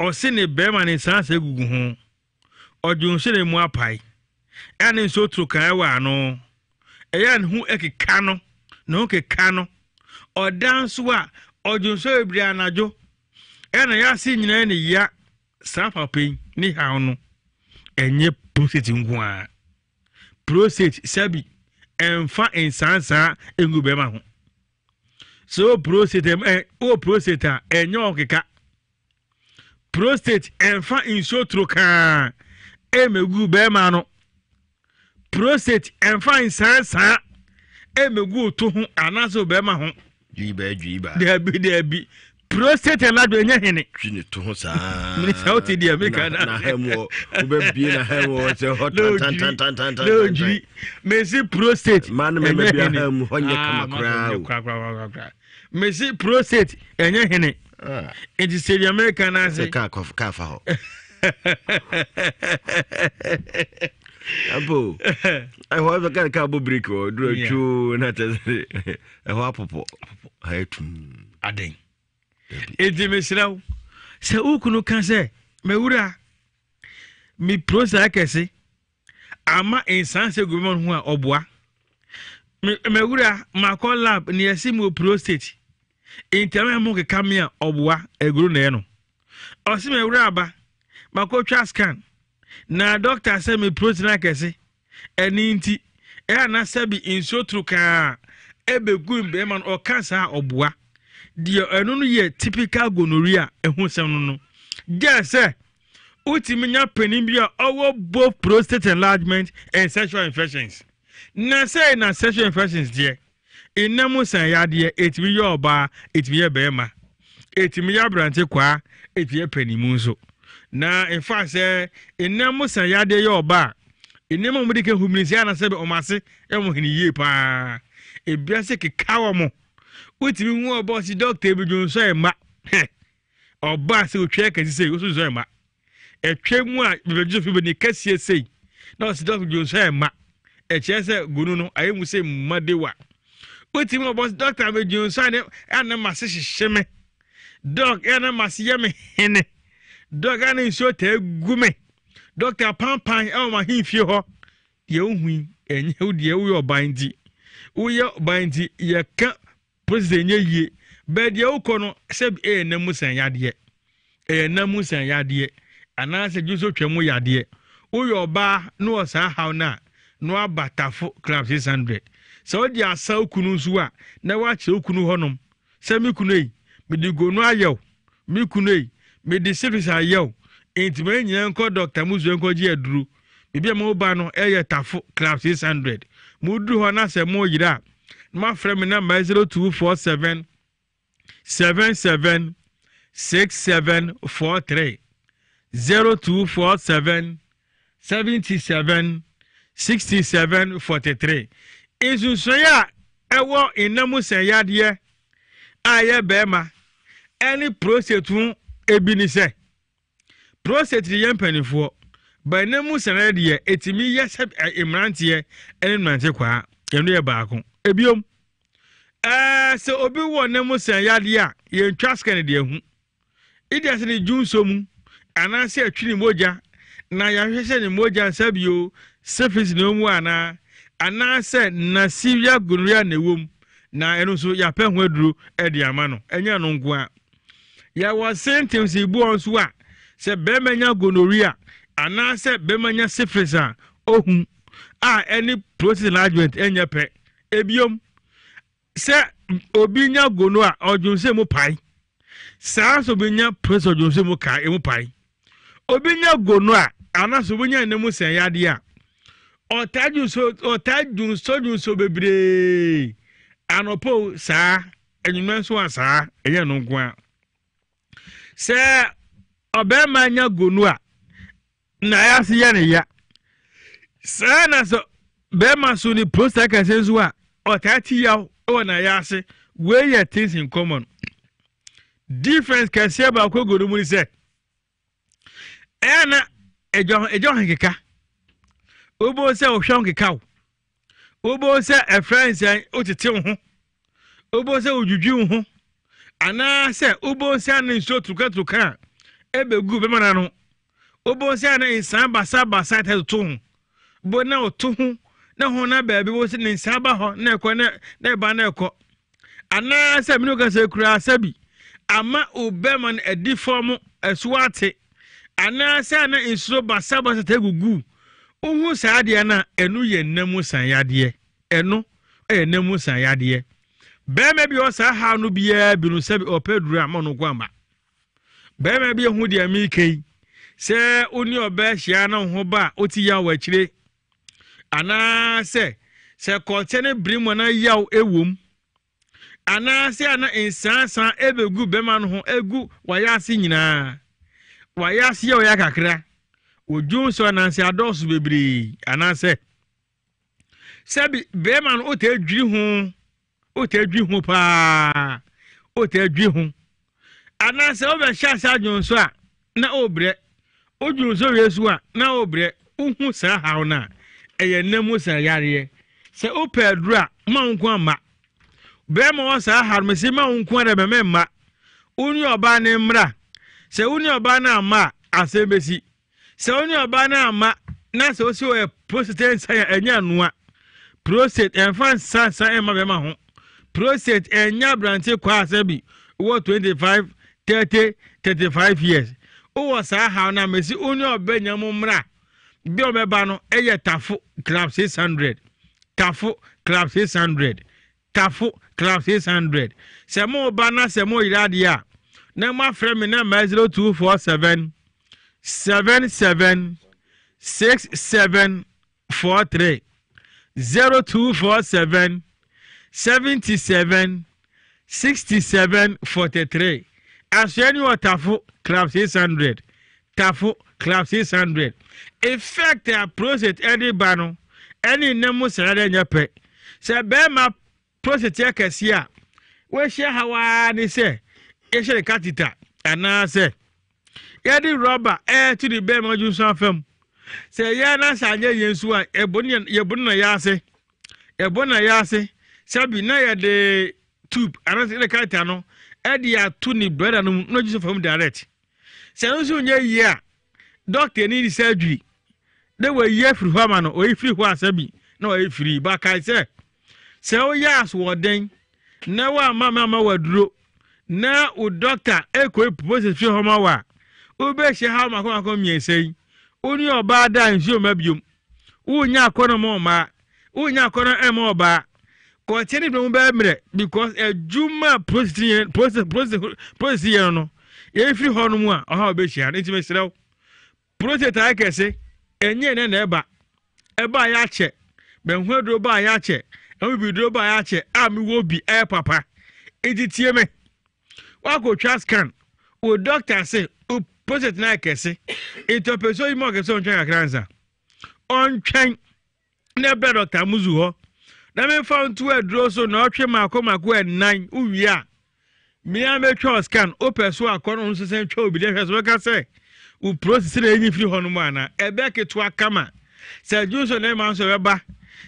ɔsi ne bɛrima ne nsa asa egugu ho ɔdwe nso ne mu apae ɛne nso turu kan ɛwɔ ano ɛyɛ ne ho ɛkeka no ne ho keka no ɔdan nso a ɔdwe nso ebiri anadwo ɛna yɛase nyinaa ne ya saa papa yi ne haw no ɛnyɛ prostate nko ara prostate sabi ɛnfa nsansan egu bɛrima ho so prostate ɛ wɔ prostate a ɛnyɛ ɔkeka. prostate ɛmfa nsuo toro kaa ɛmɛgu bɛrima no prostate ɛmfa nsaasaa ɛmɛgu oto ho anaasɛ bɛrima ho Juiba juiba. daabi daabi prostate ɛnadɔ ɛnyɛ hene twi ne to ho saa minisa *laughs* o ti di ɛmi kan na na hɛm wɔ wobɛ bie na hɛm wɔ sɛ hɔ *laughs* tantantantantantan n'odwi mesi prostate ɛnyɛ hene maa ni mɛmɛ bi ahɛm hɔ nyɛ kama koraa o mesi prostate ɛnyɛ hene. Ah. nti sɛdeɛ amerika no ase kaa fa hɔ *laughs* apo ɛhɔ ɛfɛkane ka bɔ break hɔ dura two na kyɛ sɛ *laughs* ɛhɔ apopɔ ayɛtum aden ɛnti meserɛ wo sɛ wokunu ka sɛ mawura mepuro saa kɛse ama nsansɛ gomɔ no ho a ɔboa mawura makɔ lab ne yɛse mu opuro ntɛm a mo keka mi a ɔboa eguru na ɛno ɔsi mi ewura aba mako twa scan na dɔkta sɛ mi protein ya na nti ɛyɛ anasɛ bi nsuo turu kaa ɛbɛgu mbɛrima no ɔka saa ọbụwa deɛ ɛno no yɛ typical gonorrhea ɛho sɛm no no gye sɛ wotumi nya panin bi a ɔwɔ both prostate enlargement and sexual infections na sɛ na sexual infections deɛ. san ya adeɛ etumi yɛ ɔbaa etumi yɛ barima, etumi yɛ aberante kwaa etumi yɛ nso na nfa sɛ san ya adeɛ yɛ ɔbaa a wɔde ka humilisɛ wɔn ase hene yie paa ebia sɛ keka wɔn wotumi hu ɔbaa si dɔkta bi dwo nsɔ ɛma hɛ ɔbaa sɛ otwa sɛ osu nsɔ ɛtwa mu a bɛ ne kɛseɛ na ɔsi dɔkta wotumi ɔbɔ sɛ dɔkta abɛdwun so ane ane ma se hyehye me dɔk ane ma se yɛ me hene dɔk ane nsuo taa gu me dɔkta panpan ɛwɔ ma hemfie hɔ deɛ wohui ɛnyɛ wo deɛ woyɛ ɔban nti woyɛ ɔban nti yɛka president nyɛ yie bɛɛ deɛ wokɔ no sɛ ɛyɛ nam mu sɛn yadeɛ ɛyɛ nam mu sɛn yadeɛ anaasɛ gye so twɛ mu yadeɛ woyɛ ɔbaa na wɔ saa haw no a na waba tafo club 600 sɛ wode asa wo kunu nso a na woakyerɛ wo kunu hɔnom sɛ me kunu yi mede gonu ayɛw me kunu yi mede syphilis ayɛw nti ma nyinaa nkɔ dɔkta musua nkɔgye aduro biribi a moba no ɛyɛ tafo club 600 moduru hɔ na sɛ moyerɛ a na moafrɛ me namba 0247 77 6743 0247 77 6743 nsunsui a ɛwɔ nnam sɛnyadeɛ a ɛyɛ barima ɛne prostate ho ebi ne sɛ prostate yɛ mpanimfoɔ bɛnam sɛnyadeɛ etumi yɛ sɛ ɛ e, mmeranteɛ ɛne mmerante kwaa ɛnu yɛ baako ebiom ɛɛ eh, sɛ obi wɔ nnam sɛnyadeɛ a yɛntwa scan deɛ ho idi ase ne ju nso mu anaasɛ atwi ne mogya na yɛahwɛ sɛ ne mogya nsa bio syphilis na ɔmu anaa anaasɛ na syria gonorrhea na ewom na ɛno nso yɛapɛ ho aduro de ama no ɛnyɛ no nko a yɛwɔ sentence ibuɔ nso a sɛ bɛrima nya gonorrhea anaasɛ bɛrima nya syphilis a ohun a ɛne prostate enlargement ɛnyɛ pɛ ebiom sɛ obi nya gono a ɔdwonse mu pae saa nso obi nya prostate ɔdwonse mu kaa emu pae obi nya gono a anaasɛ obi nya ne mu sɛn yadeɛ a ọta dunso ɔtaa dunso dunso bebree anọpọ saa enyima nso a saa ɛyɛ no nko a sɛ ɔbɛrima nya gonu a na ya yɛase yɛ ne ya saa na sɛ bɛrima so ne posta kɛse nso a ɔtaa ti yaw ɛwɔ na yɛase wei yɛ things in common difference kɛseɛ baako gonu mu ni sɛ ɛyɛ na ɛdwa ɛdwa hɛn keka. wobɛhu sɛ wohwɛ nkeka wo wobɛhu sɛ ɛfrɛ nsɛn wotete wo ho wobɛhu sɛ wodwidwi wo ho anaasɛ wobɛhu sɛ ne nsuo turukaturuka a ɛbɛgu bɛma na no wobɛhu sɛ ne nsaa basabasa tɛtoto ho bo na woto ho na ho na baabi wo sɛ ne nsaa ba hɔ na ɛkɔ na ɛba na ɛkɔ anaasɛ mene wokasa kuraa sɛ bi ama obɛma no adi fam ɛsowa ate anaasɛ na nsuo basabasa tɛ gugu wohu saa adeɛ no a ɛno yɛ nnam sanyadeɛ ɛno yɛ nnam sanyadeɛ bɛrima bi ɔsaa ha no biara bi no sɛ ɔpɛ duro a mɔno ko ama bɛrima bi ho deɛ meka yi sɛ ɔne ɔbɛ hyia na wo ho ba a woti yaw akyire anaasɛ sɛ kɔɔteɛ no biri na yaw ɛwom anaasɛ ana nsansan ɛbɛgu bɛrima no ho ɛgu wayɛ ase nyinaa wayɛ ase yɛ ɔyɛ kakra wɔdwo nsọ ɔnanse adɔɔso bebree anaasɛ sɛbi bɛrima no ɔtaa dwiri ho ɔtaa dwi ho paa ɔtaa dwi ho anaasɛ ɔbɛhyɛ ase adwon so a na ɔrebrɛ ɔdwon so so a na ɔrebrɛ ɔhu saa haw no a ɛyɛ nam yareɛ sɛ ɔpɛ aduro a ma wo nko ama bɛrima wɔ saa ma wo nko ara mma wo ɔbaa ne mmra sɛ wo ɔbaa ama a asɛm sɛ wo ɔbaa no ama na sɛ wosi wɔyɛ prostate nsa a ɛnyɛ anoa prostate ɛmfa nsa nsa ɛma bɛma ho prostate ɛnyɛ aberante kɔ a sɛ bi wowɔ 25 30 35 years wowɔ saa haw no a mɛsi wo ne ɔbɛ nya mo mmra bi a ɔbɛba no ɛyɛ tafo clap 600 tafo club 600 tafo club 600 sɛ mo ba na sɛ mo adeɛ a na moafrɛ me na ma 0247 seven seven six seven four three zero two four seven seventy seven sixty seven forty three asoɛni wɔ tafo club six hundred tafo club six hundred effect a prostate ɛde ba no ɛne nam mu sara dɛ nyɛ pɛ sɛ bɛrima prostate yɛ kɛseɛ a wɔahyia hawaa ne sɛ yɛhyɛ ne katita anaasɛ. yɛde rɔba ɛɛti bɛɛ ma ju so afam sɛ yɛn nasa yɛn a yɛbo na ase na yɛ ase na yɛde tube anaasɛ yɛde kaita no ɛde ato ne brɛda no mu na ju so fam direct sɛ yie a dɔkta ni de sɛ adwi na wɔayi hɔ ama no firi hɔ asɛ na wɔyɛ firi bakae sɛ sɛ woyɛ asoɔden na woamama ama waduro na wo wobɛhyɛ ha makomako mmiɛnsa yi wone ɔbaa da nsuo ma biom wonya akɔnɔ ma ɔmaa wonya akɔnɔ ɛma ɔbaa kɔɔteɛ ne dɔm bɛyɛ mmerɛ because adwuma prositiri prositiri yɛn no yɛfiri hɔ no mu a ɔha ɔbɛhyia no nti mesrɛ wo prostate ayɛ kɛse ɛnyɛ ne na ɛba ɛba a yɛakyɛ bɛnho aduro ba a yɛakyɛ ɛho bibiduro ba a yɛakyɛ a mewɔ bi ɛyɛ papa nti tie me woakɔtwa scan wo doctor se project na kɛse nti ɔpɛ sɛ oyi ma ɔkɛse ɔntwɛn kakra nsa ɔntwɛn na ɛbrɛ dɔkta muzu hɔ na mefa nto aduro e so na ɔtwe maako maako ɛnan e wowie a mmea mɛtwa ɔscan wopɛ so akɔ no nso sɛ ntwa obi deɛ hwɛ so bɛka sɛ wo prosesi na ɛnyi firi hɔ no mu anaa ɛbɛ e ketewa kama sɛ adwo so na ɛma nso ɛbɛba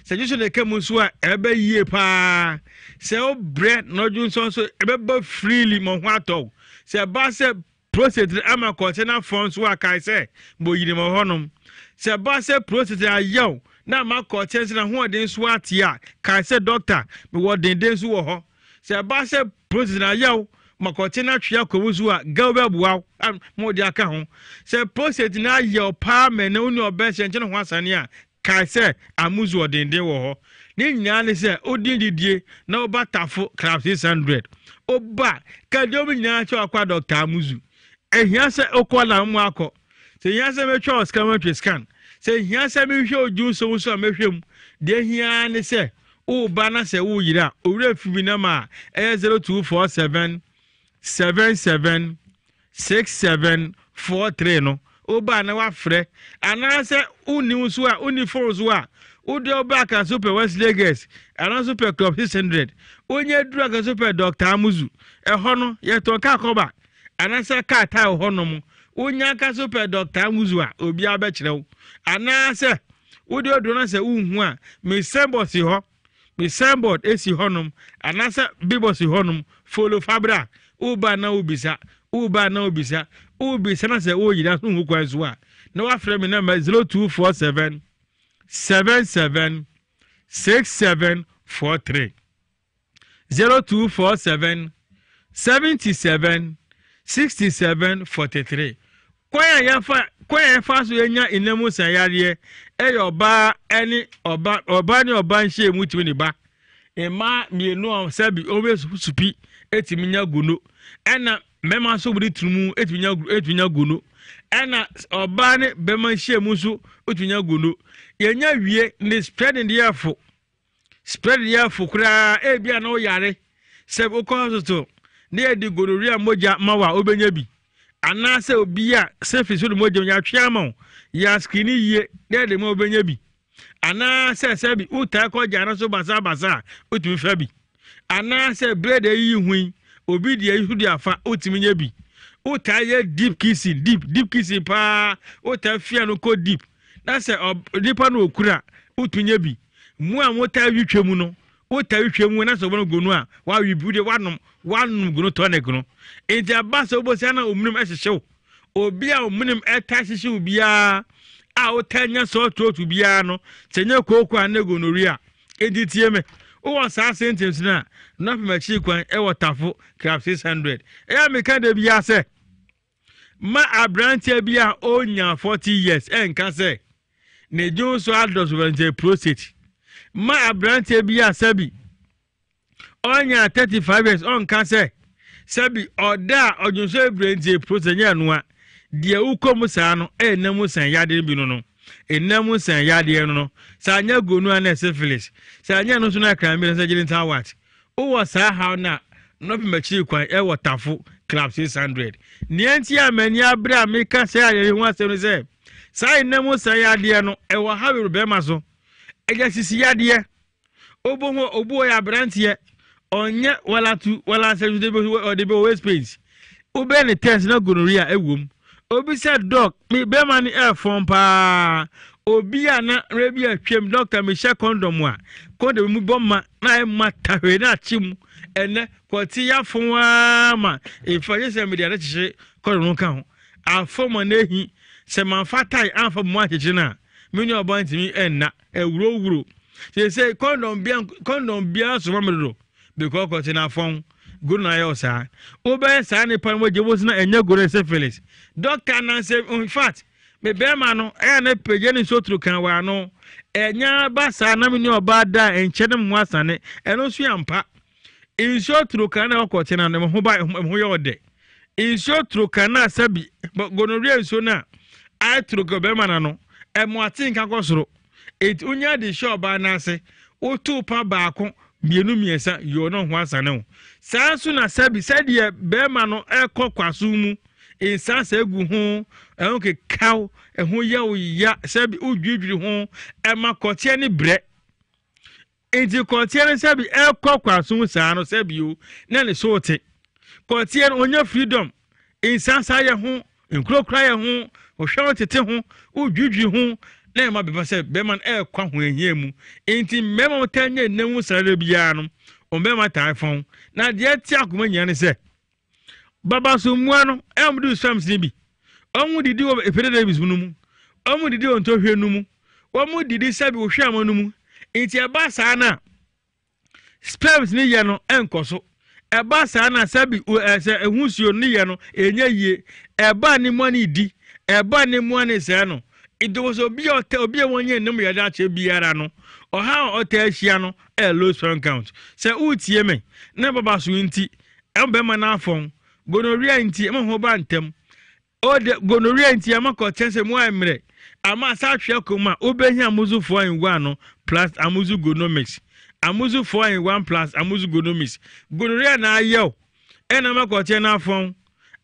sɛ adwo so na ɛka mu nso a ɛbɛba yie paa sɛ wobrɛ na ɔdwo nso nso ɛbɛba firili ma ho atɔ sɛ ɛba sɛ prostate ama na afɔ nso akae sɛ mbɔ yirim hɔnom sɛ ba sɛ prostate ayɛw na ama ate a kae sɛ dɔkta mewɔ denden nso wɔ hɔ sɛ ba sɛ prostate ayɛw ma kɔnkyɛn atwe akɔwu so a gaw mo de aka ho sɛ prostate na ayɛw paa mɛ na onu ɔbɛhyɛ nkyɛn ho asane a kae sɛ amuzu ɔdenden wɔ hɔ ne nyinaa ne sɛ odi didie na ɔba tafo crab six hundred ɔba kadeɛ mu nyinaa amuzu ehia sɛ okɔ na mu akɔ sɛ ehia sɛ metwa ɔsika mu scan sɛ ehia sɛ mehwɛ oju nso nso a mehwɛ mu deɛ ehia ne sɛ ɔba na sɛ ɔyira owurɛ fi bi nam a ɛyɛ zero two four seven seven seven six seven four three no ɔba na wafrɛ anaasɛ ɔni nso a ɔni phone nso a wode ɔba akaso pɛ west lagos ɛno nso club six hundred onye duru akaso pɛ dr amuzu ɛhɔ no yɛtɔn kaa kɔba. anaasɛ kaataa wɔ hɔnom wonya aka so pɛ dɔkta nwuzu a obiara bɛkyerɛ wo ọdụ wode odo no sɛ si hɔ mesɛmbɔd esi hɔnom si hɔnom folo fabra woba na obisa woba na obisa wobisa na sɛ woyina so nhu kwan so a na wafrɛ me namba 0247 77 6743 0247 sixty seven forty three kwan a yɛfa kwan a yɛfa so yɛnya nnamu sɛyareɛ ɛyɛ ɔbaa ɛne ɔba ɔbaa ne ɔbaa nhyia mu tumi ne ba mmaa mmienu a sɛbi ɔbɛ supi etumi nya gono ɛna mmarima nso wɔde tunu mu etumi nya etumi nya gono ɛna ɔbaa ne bɛrima nhyia mu nso etumi nya gono yɛnya wie ne spreading deɛ fo spreading deɛ fo koraa ebi a na ɔyare sɛbi okɔ hospital na yɛde gonorrhea mogya ma wo a wobɛnya bi anaasɛ obi a sefi so de mogya yɛatwe ama wo yɛaskini yie na yɛde ma wobɛnya bi anaasɛ sɛ bi wotae kɔgya no so basabasa a wotumi fa bi anaasɛ brɛd ayiyi hui obi deɛ yi so de afa wotumi nya bi wotaa yɛ deep kissing deep deep kissing paa wotaa fia no kɔ deep na sɛ nipa no okura wotumi nya bi mu a wotaa wi mu no wotaa wihwɛ mu na sɛ gonu a wawebude wanom wanom gono tɔne gono enti aba sɛ wobɛsia na omunim ɛhyehyew obi a omunim ɛta hyehyew biara a wota nya sɛ ɔtooto biara no sɛ nyɛ kooko a ne gonori a enti tie me wowɔ saa sentence no a na pem akyiri kwan ɛwɔ tafo crab 600 ɛyɛ meka da biara sɛ ma aberanteɛ bi a ɔnya 40 years ɛnka sɛ ne gyew so adɔsobɛnkyɛ prostate ma aberanteɛ bi a sɛbi ɔnya thirty five years ɔnka sɛ sɛbi ɔda a ɔdwonso aberanteɛ prosa nyɛ noa deɛ wokɔ mu saa no ɛyɛ nam sɛn yadeɛ bi no no ɛnam sɛn yadeɛ no no saa nyɛ gonu a na ɛsɛ phyllis saa nyɛ no nso no akran bi na sɛ gyere nsa wat wowɔ saa haw no a nɔpem akyiri kwan ɛwɔ tafo club six hundred nea nti a mani abere a meka sɛ ayɛyɛ ho asɛm no sɛ saa ɛnam sɛn yadeɛ no ɛwɔ ha bebrɛ so ɛgya sisi yadeɛ obo ho obo yɛ aberanteɛ ɔnyɛ wala tu wala asɛnju de bi ɔde bi waste paint obɛ ne test na gonorrhea ɛwɔ e obi sɛ dɔg mi bɛrima ni ɛfɔm e paa obi a na rebi atwam dɔkta mehyɛ kɔndɔm a kɔndɔm mu bɔ ma na ayɛ e ma tahwee na akyi mu ɛnɛ kɔte yɛafom aa ma ɛfa yɛ sɛ mede ade kyekyere kɔndɔm no ka ho afɔm a na ehi sɛ mamfa tae amfa mu akyekyere no me nua ntumi ɛnna eh, eh, wuro sese kɔndɔm bia kɔndɔm bia soma mi do bikɔ na ayɛ ɔsaa saa nipa na ɛnyɛ goro ɛsɛ felix dɔkta nansɛ in fact bɛrima no ɛyɛ eh, ne ne kan ano ɛnya ba saa na me nua da nkyɛn mu asane ɛno nso yɛ mpa kan na ɔkɔte na ne ho ba ne yɛ ɔdɛ nsuo turo kan na asabi gonorrhea nsuo na ayɛ na no mmoate nka kɔ soro eti onye de hyɛ ɔbaa n'ase wotu pa baako mmienu mmiɛnsa yɛ ɔno ho asane ho saa nso na sɛbi sɛdeɛ bɛrima no ɛkɔ kwaso mu nsansa egu ho ɛho kekaw ɛho yaw ya sɛbi odwiridwiri ho ɛma kɔteɛ ne brɛ nti kɔteɛ no sɛbi ɛkɔ kwaso mu saa no sɛbi o na ne so te kɔteɛ no onye freedom nsansa yɛ ho nkurokura yɛ ho. ohwɛ ɔtete ho odwidwi ho na ɛma bɛma sɛ bɛma no ɛɛkɔ ahoɛhia mu nti mmarima mo taa nyɛ nnamu sarada biara no ɔmmarima taa fa na deɛ te akoma nyina ne sɛ baba so mmua no ɛmu de swams ne bi ɔmu didi wɔ efere davis no mu ɔmu didi wɔ ntɔhwɛ no mu ɔmu didi sɛbi ohwɛ ama no mu nti ɛba saa no a sperms ne yɛ no ɛnkɔ so ɛba saa no a sɛbi ɛsɛ ehusuo ne yɛ no ɛnyɛ yie ɛba ne mu ano di ɛba ne mu ne sɛɛ no ntomoso obi a ɔtɛ obi a wɔnyɛ nnum yɛde akyɛ biara no ɔha a ɔtɛ ahyia no ɛyɛ e low sperm count sɛ wotie me ne baba so nti ɛbɛma no afɔn gonorrhea nti ɛma ho ba ntɛm ode gonorrhea nti ɛma kɔkyɛn sɛ mu ayɛ mmerɛ ama asa ahwɛ kɔn a wobɛhia amuzufoɔ anyigua no plus amuzu gonomics amuzufoɔ anyigua plus amuzu gonomics gonorrhea na ayɛw ɛna ɛma kɔkyɛn no afɔn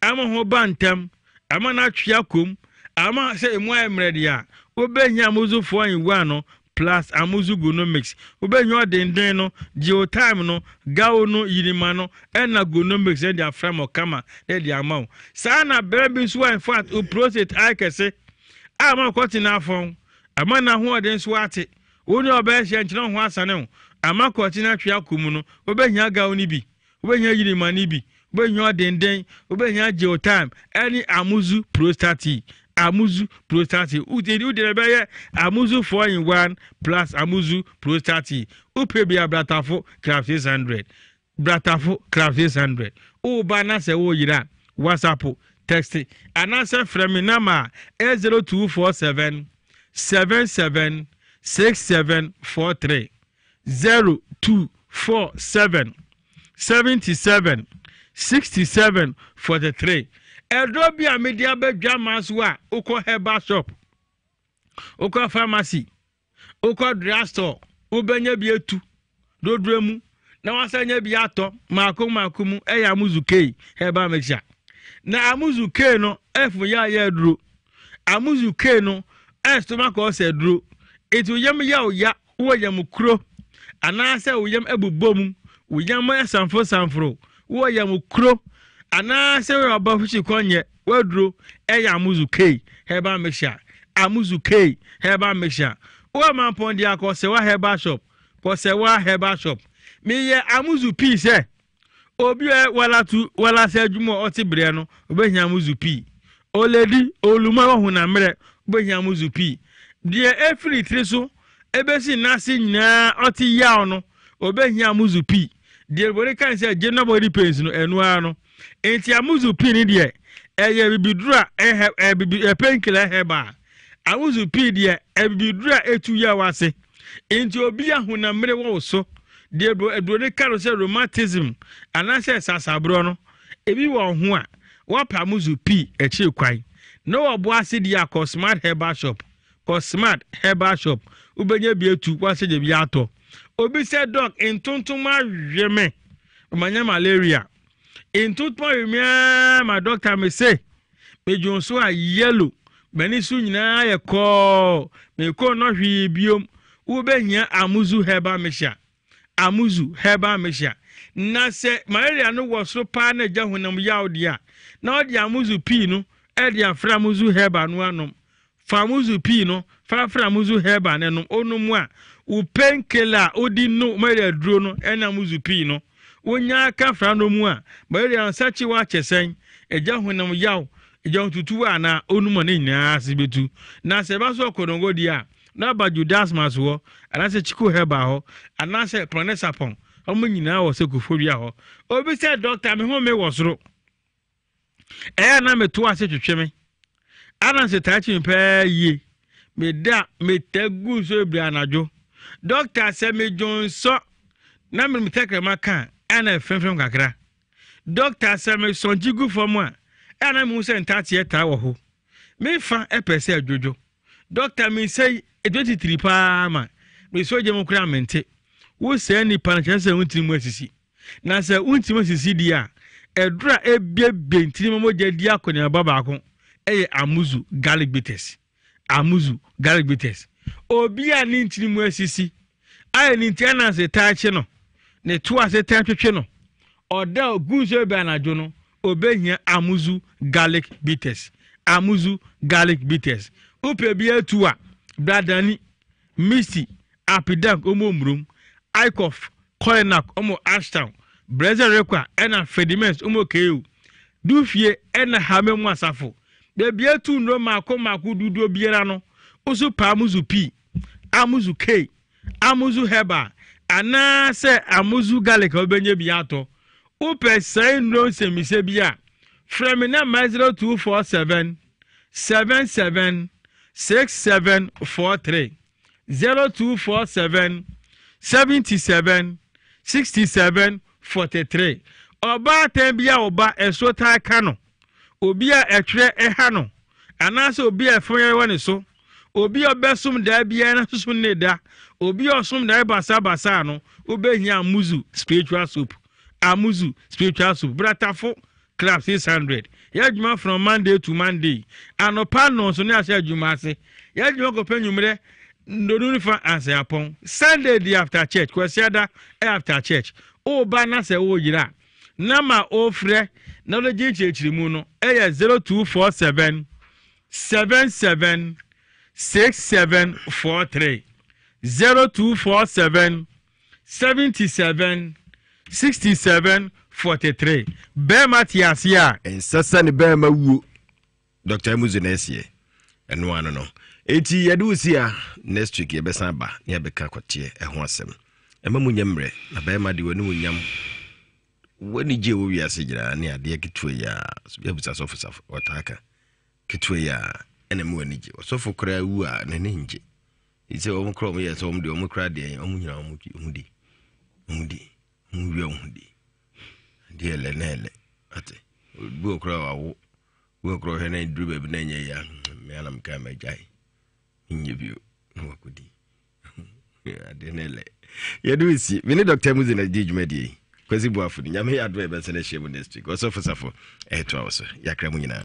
ɛma ho ba ntɛm ama no atwe akom ama sɛ ɛmu ayɛ mmerɛ deɛ a wobɛnya amozofoɔ anyewaa no plus amozu gonomics wobɛnya ɔdenden no geotime no gao no yinima no ɛna gonomics ɛde afra ma ɔkama ɛde ama wo saa na bɛrɛ bi nso wa infact oprostate ayɛ kɛse a ma kɔtena afɔn ama n'ahoɔden nso ate wɔn nyɛ ɔbɛyɛ hyɛ nkyɛn ho asane ho ama kɔtena atwe akom no wobɛnya gao no bi wobɛnya yinima no bi wobɛnya ɔdenden wobɛnya geotime ɛne amuzu prostati amuzu prostati wodeni wode no bɛyɛ amuzu 4 in one plus amuzu prostati wopɛ bia bratafo craft 600 bratafo craft 600 woba na sɛ woyera whatsapp text anaasɛ frɛ me nama a 0247 77 6743 0247 77 67 43 ɛdɔ bi a mede abɛdwa ma so a wokɔ herbal shop wokɔ pharmacy wokɔ drug store wobɛnya bi etu dodoro mu na wasa nya bi atɔ maako maako mu ɛyɛ amuzu kei herbal mixture na amuzu kei no ɛfo yɛ a yɛ aduro amuzu kei no ɛsoma kɔɔ sɛ etu yam yɛ o ya wɔ yam kuro anaasɛ o yam ɛbobɔ mu o yam ɛsanforo sanforo. wɔyɛ mo kuro anaasɛ wɔyɛ ɔbɛfokyi kɔnyɛ waduro ɛyɛ amuzu kei herbal mixture amuzu kei herbal mixture wɔyɛ mampɔn deɛ akɔsɛwa herbal shop kɔsɛwa herbal shop yɛ amuzu pii sɛ obi a walatu walasa adwuma a ɔte berɛ no obe obɛhia amuzu pii oledi oluma wɔho na mmerɛ obɛhia amuzu pii deɛ efiri tiri so ebesi nnaase nyinaa ɔte yaw no obe obɛhia amuzu pii. deɛ wɔde kan sɛ gye na body pains no ɛnoa no nti amuzupin deɛ ɛyɛ bibiduro a ɛhɛ ɛbibi ɛpɛnkila ɛhɛba amuzupin deɛ ɛbibiduro a etu yɛ wase nti obi ahonammerɛ wɔ so deɛ aduane ka no sɛ rheumatism anaasɛ sasaborɔ no ebi wɔ ho a wɔapɛ amuzupin akyire kwan na wɔbɔ ase deɛ akɔ smart herbal shop kɔ smart herbal shop wobɛnya bi etu wɔasɛ deɛ bi atɔ obi sɛ dɔk ntontom awe me ɔmanya malaria ntontom awe me ma dɔkta me se medwon a yellow m'ani so nyinaa yɛ kɔɔ mekɔ no hwee biom wobɛhia amuzu heba mehyia amuzu heba mehyia na sɛ malaria no wɔ soro paa na agya honam yaw deɛ na ɔde amuzu pii no ɛde afra amuzu heba no anom fa amuzu pii no fa afra amuzu heba no nom ɔnom a upe nkele a wodi no malaria duro no ɛnam wozu pii no onye aka n'omu a mu a malaria nsakye woakyɛ sɛn agya honam yaw agya tutu anaa onum ne nyinaa ase bɛtu na sɛ ɛba so ɔkɔdɔngɔ di a na aba judasmas hɔ anaasɛ chiko heba hụ hɔ anaasɛ pranesapon ɔmo nyinaa wɔ sɛ kofobia hɔ obi sɛ dɔkta me ho me wɔ soro ɛyɛ na meto ase twetwe me ana sɛ taakye me pɛɛ yie meda meta gu nso ebire anadwo dɔkta sɛ medwonsɔ na mmerem tɛkrɛma ka ɛna ɛfemfem kakra dɔkta sɛ mesɔnkye gu fam a ɛna mehu sɛ ntateɛ taa wɔ ho mefa ɛpɛ sɛ adwodwo dɔkta mensɛ ɛdwetitiri paa ma mesɛ gye mu koraa mente wo sɛɛ nnipa no kyerɛ sɛ mu asisi na sɛ wontiri mu asisi deɛ a ɛdoro a ɛbiebie ntirima mogya di akɔneaba baako ɛyɛ amuzu garlic bitters amuzu garlic bitters obi a ne ntiri mu asisi ayɛ ne nti ananse taa kye no ne to ase taa twetwe no ɔda gu nso ebe anadwo no obehia amuzu garlic bitters amuzu garlic bitters upe bi etu a bradani misty apidank ɔmo murom icof kolinak ɔmo ashtown rekwa ɛna fedimens ɔmo keu dufie ɛna hamemu asafo beebi etu nnuro mako mako duduo biara no. nso paa muzu p amuzu k amuzu heba anaasɛ amuzu garlic a wobɛnya bi atɔ wopɛ sɛe nnuro nsɛmmisɛ bi a frɛ me na ma 0247 77 6743 0247 77 67 43 ɔbaatan bi a ɔba ɛso taa ka no obi a ɛtwerɛ ɛha no anaasɛ obi a ɛfo yɛ wɔ ne so obi a ɔbɛsom daa biara na sosom ne da obi a ɔsom daa basabasa no wobɛhia amuzu spiritual soup amuzu spiritual soup bratafo club six hundred yɛ adwuma from monday to monday anɔpa nnɔnso ne ahyɛ adwuma ase yɛ adwuma kɔpɛ nwumerɛ ndonu nifa aseapɔn sunday di after church kwasiada ɛ after church ɔba na sɛ ɔyira nama ɔfrɛ na ɔde gye nkyerɛkyerɛ mu no ɛyɛ zero two four seven seven seven six seven four three zero two four seven seventy seven sixty seven forty three bɛrima te ase a. nsasa ne bɛrima wuo dr muzu na ɛseɛ ɛno ano no eti yɛde si a next week yɛbɛsan aba ne yɛbɛka kɔteɛ ɛho asɛm ɛma mu nyɛ mmerɛ na bɛrima de w'anim nyam w'ani gye wɔ wiase gyinaa ne adeɛ ketewa yi a yɛbusa sɔfo safo wɔtaa ketewa yi a ɛna mu ani gye ɔsɔfo koraa wu a n'ani ngye sɛ wɔn koraa wɔn yɛ sɛ wɔn deɛ wɔn deɛ wɔn nyinaa wɔn di wɔn di wɔn wia wɔn di *laughs* adeɛ ɛlɛ na ɛlɛ ate bu wɔ wawo bi wɔ koraa na duro baabi na ɛnyɛ ya mmea anam mka ma gya nyɛ bio na wakɔ di adeɛ na ɛlɛ yɛde esi mi ne dɔkta mu na di dwuma die kwasi buafo ni nyame yɛ adoa ɛbɛsɛ na ɛhyɛ mu next week ɔsɔfo safo ɛɛto awɔ so yɛakra mu nyinaa